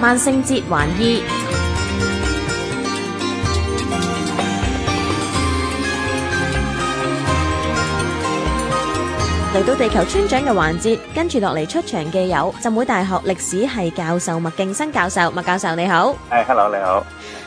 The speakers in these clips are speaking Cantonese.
萬聖節玩意嚟到地球村長嘅環節，跟住落嚟出場嘅有浸會大學歷史系教授麥敬生教授，麥教授你好，係、hey, hello 你好。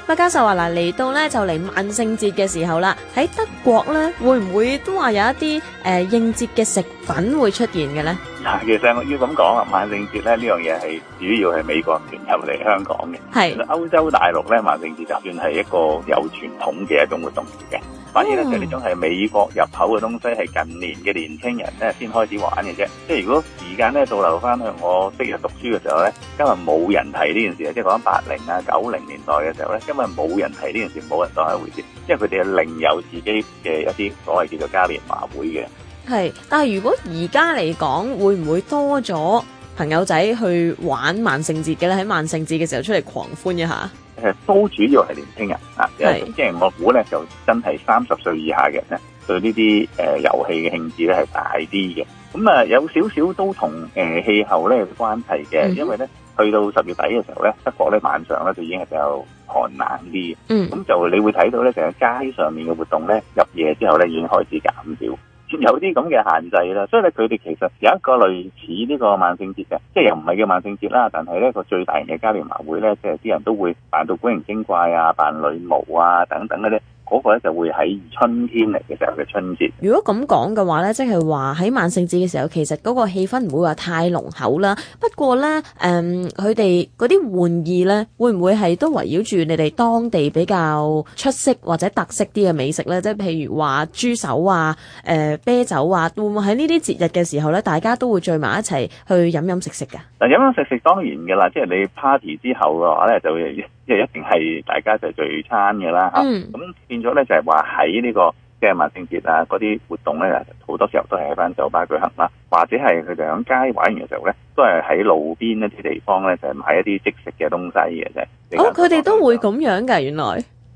麥教授話嗱，嚟到咧就嚟萬聖節嘅時候啦，喺德國咧會唔會都話有一啲誒、呃、應節嘅食品會出現嘅咧？其實我要咁講啊，萬聖節咧呢樣嘢係主要係美國傳入嚟香港嘅。係是，歐洲大陸咧萬聖節就算係一個有傳統嘅一種活動嚟嘅。反而咧就呢種係美國入口嘅東西，係近年嘅年青人咧先開始玩嘅啫。即係如果時間咧倒流翻去我昔日讀書嘅時候咧，因為冇人提呢件事啊，即係講緊八零啊九零年代嘅時候咧，因為冇人提呢件事，冇人當一回事，因為佢哋係另有自己嘅一啲所謂叫做嘉年華會嘅。係，但係如果而家嚟講，會唔會多咗朋友仔去玩萬聖節嘅咧？喺萬聖節嘅時候出嚟狂歡一下？誒、呃，都主要係年輕人啊，是即係我估咧就真係三十歲以下嘅人咧，對呢啲誒遊戲嘅興致咧係大啲嘅。咁啊，有少少都同誒氣候咧關係嘅，因為咧、mm hmm. 去到十月底嘅時候咧，德國咧晚上咧就已經係比較寒冷啲嘅，咁、mm hmm. 就你會睇到咧成日街上面嘅活動咧入夜之後咧已經開始減少。有啲咁嘅限制啦，所以咧佢哋其實有一個類似呢個萬聖節嘅，即係又唔係叫萬聖節啦，但係呢個最大型嘅嘉年華會咧，即係啲人都會扮到古靈精怪啊，扮女巫啊等等嗰啲。嗰個咧就會喺春天嚟嘅時候嘅春節。如果咁講嘅話呢，即係話喺萬聖節嘅時候，其實嗰個氣氛唔會話太濃厚啦。不過呢，誒佢哋嗰啲玩意呢，會唔會係都圍繞住你哋當地比較出色或者特色啲嘅美食呢？即係譬如話豬手啊、誒、呃、啤酒啊，會唔會喺呢啲節日嘅時候呢，大家都會聚埋一齊去飲飲食食嘅？嗱，飲飲食食當然嘅啦，即係你 party 之後嘅話呢，就會。即係一定係大家就聚餐嘅啦，吓咁、嗯、變咗咧就係話喺呢個即係萬聖節啊嗰啲活動咧，好多時候都係喺翻酒吧舉行啦，或者係佢哋響街玩完嘅時候咧，都係喺路邊一啲地方咧，就係，買一啲即食嘅東西嘅啫。好、哦，佢哋都會咁樣噶，原來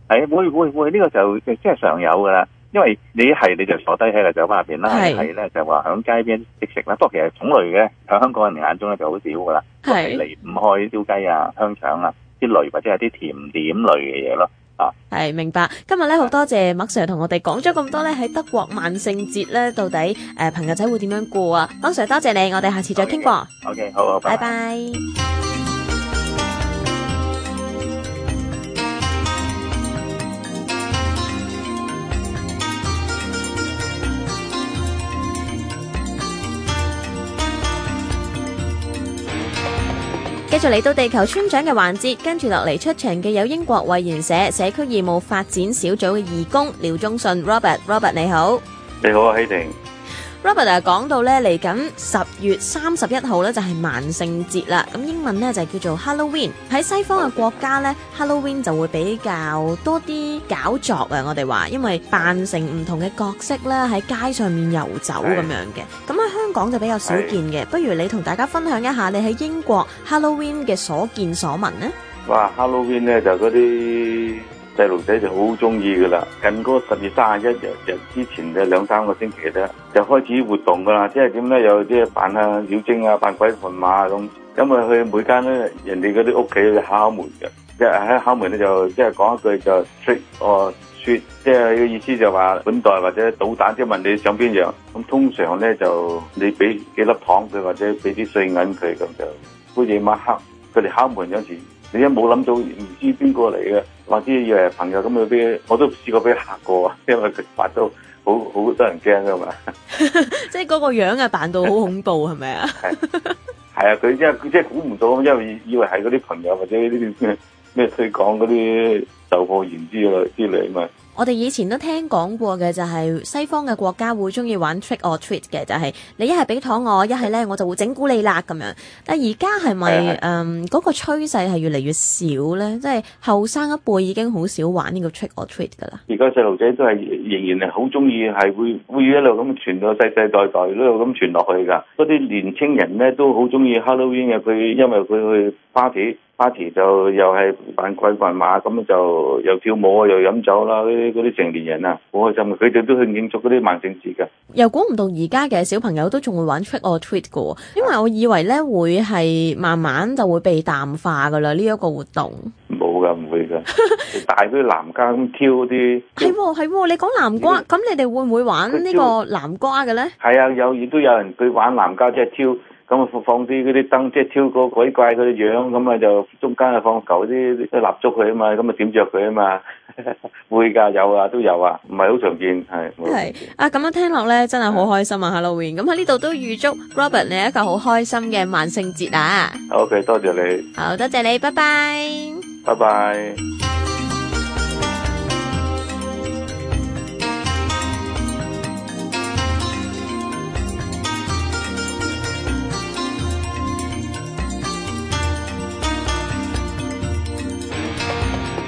係會會會呢、呢個就即係、就係、常有噶啦，因為你係你就坐低喺個酒吧入邊啦，係咧是就話響街邊即食，食啦。不過其實種類嘅喺香港人眼中咧就好少噶啦，係離唔開燒雞啊、香腸啊。啲類或者係啲甜點類嘅嘢咯，啊，係明白。今日咧好多謝麥 sir 同我哋講咗咁多咧，喺德國萬聖節咧到底誒朋友仔會點樣過啊？麥 sir 多謝你，我哋下次再傾過。OK，okay，好，好，拜拜。拜拜。繼續嚟到地球村長嘅環節，跟住落嚟出場嘅有英國衛言社社區業務發展小組嘅義工廖忠信 Robert，Robert Robert，你好，你好啊希婷。Robert 講到咧，嚟緊十月三十一號咧就係、是、萬聖節啦。咁英文咧就叫做 Halloween。喺西方嘅國家咧哇，Halloween 就會比較多啲搞作啊。我哋話，因為扮成唔同嘅角色啦，喺街上面遊走咁樣嘅。咁喺是香港就比較少見嘅。是不如你同大家分享一下你喺英國 Halloween 嘅所見所聞呢？哇，Halloween 咧就嗰啲～細路仔就好中意噶啦，近嗰十月三十一日日之前嘅兩三個星期咧，就開始活動噶啦。即係點咧？有啲扮啊妖精啊，扮鬼神馬咁、啊。因為佢每間咧，人哋嗰啲屋企去敲門嘅，一喺敲門咧就即係講一句就說哦說，即係嘅意思就話款待或者搗蛋，即係問你上邊樣。咁通常咧就你俾幾粒糖佢或者俾啲碎銀佢咁就。好似晚黑，佢哋敲門嗰時，你一冇諗到唔知邊個嚟嘅。或者以為朋友咁嗰啲，我都試過俾嚇過，因為佢扮到好好得人驚㗎嘛。即係嗰個樣啊，扮到好恐怖係咪啊？係啊，佢因為即係估唔到，因為以為係嗰啲朋友或者呢啲咩推廣嗰啲售貨員之類之類嘛。我哋以前都聽講過嘅，就係西方嘅國家會中意玩 trick or treat 嘅，就係、是、你一係俾糖我，一係咧我就會整蠱你啦咁樣。但而家係咪誒嗰個趨勢係越嚟越少咧？即係後生一輩已經好少玩呢個 trick or treat 㗎啦。而家細路仔都係仍然係好中意，係會會一路咁傳到世世代代，一路咁傳落去㗎。嗰啲年青人咧都好中意 Halloween 嘅，佢因為佢去 party。Party 就又係扮鬼扮馬，咁就又跳舞啊又飲酒啦，嗰啲啲成年人啊，好開心，佢哋都去慶祝嗰啲萬聖節㗎。又估唔到而家嘅小朋友都仲會玩 trick or treat 㗎，因為我以為咧會係慢慢就會被淡化㗎啦呢一個活動。冇噶，唔會噶，會 大嗰啲南瓜咁挑啲。係喎係喎，你講南瓜咁，你哋會唔會玩個呢個南瓜嘅咧？係啊，有亦都有人佢玩南瓜即係挑。咁啊放放啲嗰啲燈，即係超過鬼怪嗰啲樣，咁啊就中間啊放舊啲啲蠟燭佢啊嘛，咁啊點著佢啊嘛，會㗎，有啊，都有啊，唔係好常見係。係啊，咁樣聽落咧真係好開心啊，Halloween，咁喺呢度都預祝 Robert 你一個好開心嘅萬聖節啊！OK，多謝你。好多謝你，拜拜。拜拜。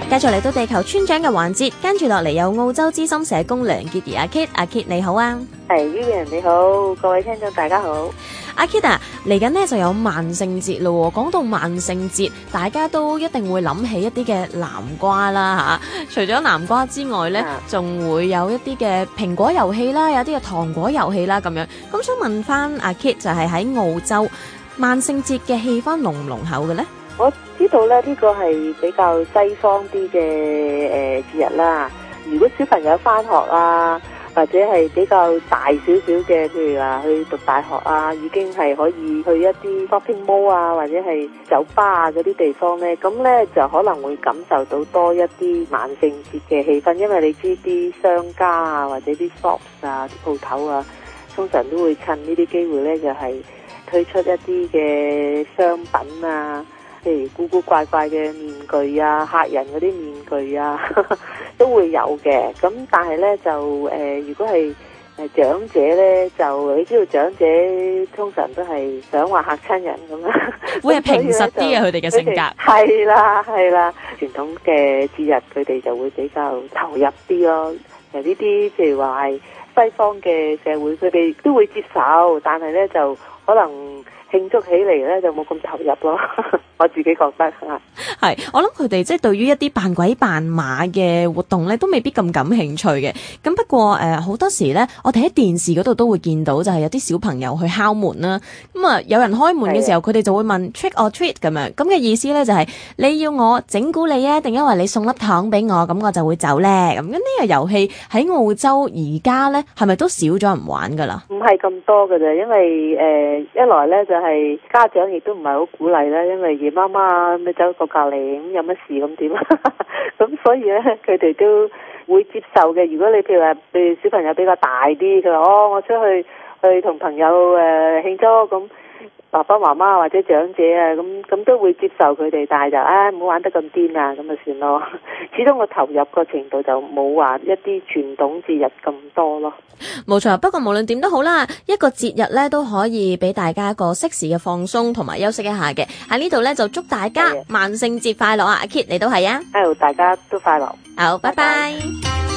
繼續嚟到地球村長嘅環節，跟住落嚟有澳洲資深社工梁潔儀阿 Kit，阿 Kit 你好啊，Hi everyone，你好，各位聽眾大家好，阿 Kit 啊，嚟緊呢就有萬聖節咯，講到萬聖節，大家都一定會諗起一啲嘅南瓜啦吓，除咗南瓜之外呢，仲、啊、會有一啲嘅蘋果遊戲啦，有啲嘅糖果遊戲啦咁樣，咁想問翻阿 Kit 就係喺澳洲萬聖節嘅氣氛濃唔濃厚嘅呢？我知道咧，呢、這個係比較西方啲嘅誒節日啦。如果小朋友翻學啊，或者係比較大少少嘅，譬如話去讀大學啊，已經係可以去一啲 shopping mall 啊，或者係酒吧啊嗰啲地方咧，咁咧就可能會感受到多一啲萬聖節嘅氣氛，因為你知啲商家啊，或者啲 shop 啊、啲鋪頭啊，通常都會趁呢啲機會咧，就係、是、推出一啲嘅商品啊。譬如古古怪怪嘅面具啊，嚇人嗰啲面具啊，呵呵都會有嘅。咁但係咧就誒、呃，如果係誒長者咧，就你知道長者通常都係想話嚇親人咁樣、啊，會係平實啲嘅佢哋嘅性格。係啦係啦，傳統嘅節日佢哋就會比較投入啲咯、啊。誒呢啲譬如話係西方嘅社會佢哋都會接受，但係咧就可能。慶祝起嚟咧就冇咁投入咯， 我自己覺得嚇。係，我諗佢哋即係對於一啲扮鬼扮馬嘅活動咧，都未必咁感興趣嘅。咁不過誒，好、呃、多時咧，我哋喺電視嗰度都會見到，就係有啲小朋友去敲門啦。咁、嗯、啊、呃，有人開門嘅時候，佢哋是的 就會問 trick or treat 咁樣。咁嘅意思咧就係、是、你要我整蠱你啊，定因為你送粒糖俾我，咁我就會走咧。咁咁呢個遊戲喺澳洲而家咧係咪都少咗人玩㗎啦？唔係咁多㗎啫，因為誒、呃、一來咧就。但係家長亦都唔係好鼓勵啦，因為夜麻麻咁樣走過隔籬，咁有乜事咁點？咁 所以咧，佢哋都會接受嘅。如果你譬如話，譬如小朋友比較大啲，佢話哦，我出去去同朋友誒、呃、慶祝咁。嗯爸爸媽媽或者長者啊，咁咁都會接受佢哋，但係就唉唔好玩得咁癲啊，咁就算咯。始終我投入個程度就冇話一啲傳統節日咁多咯。冇錯，不過無論點都好啦，一個節日呢都可以俾大家一個適時嘅放鬆同埋休息一下嘅。喺呢度呢就祝大家萬聖節快樂啊！阿 Kit 你都係啊，Hello 大家都快樂。好，拜拜。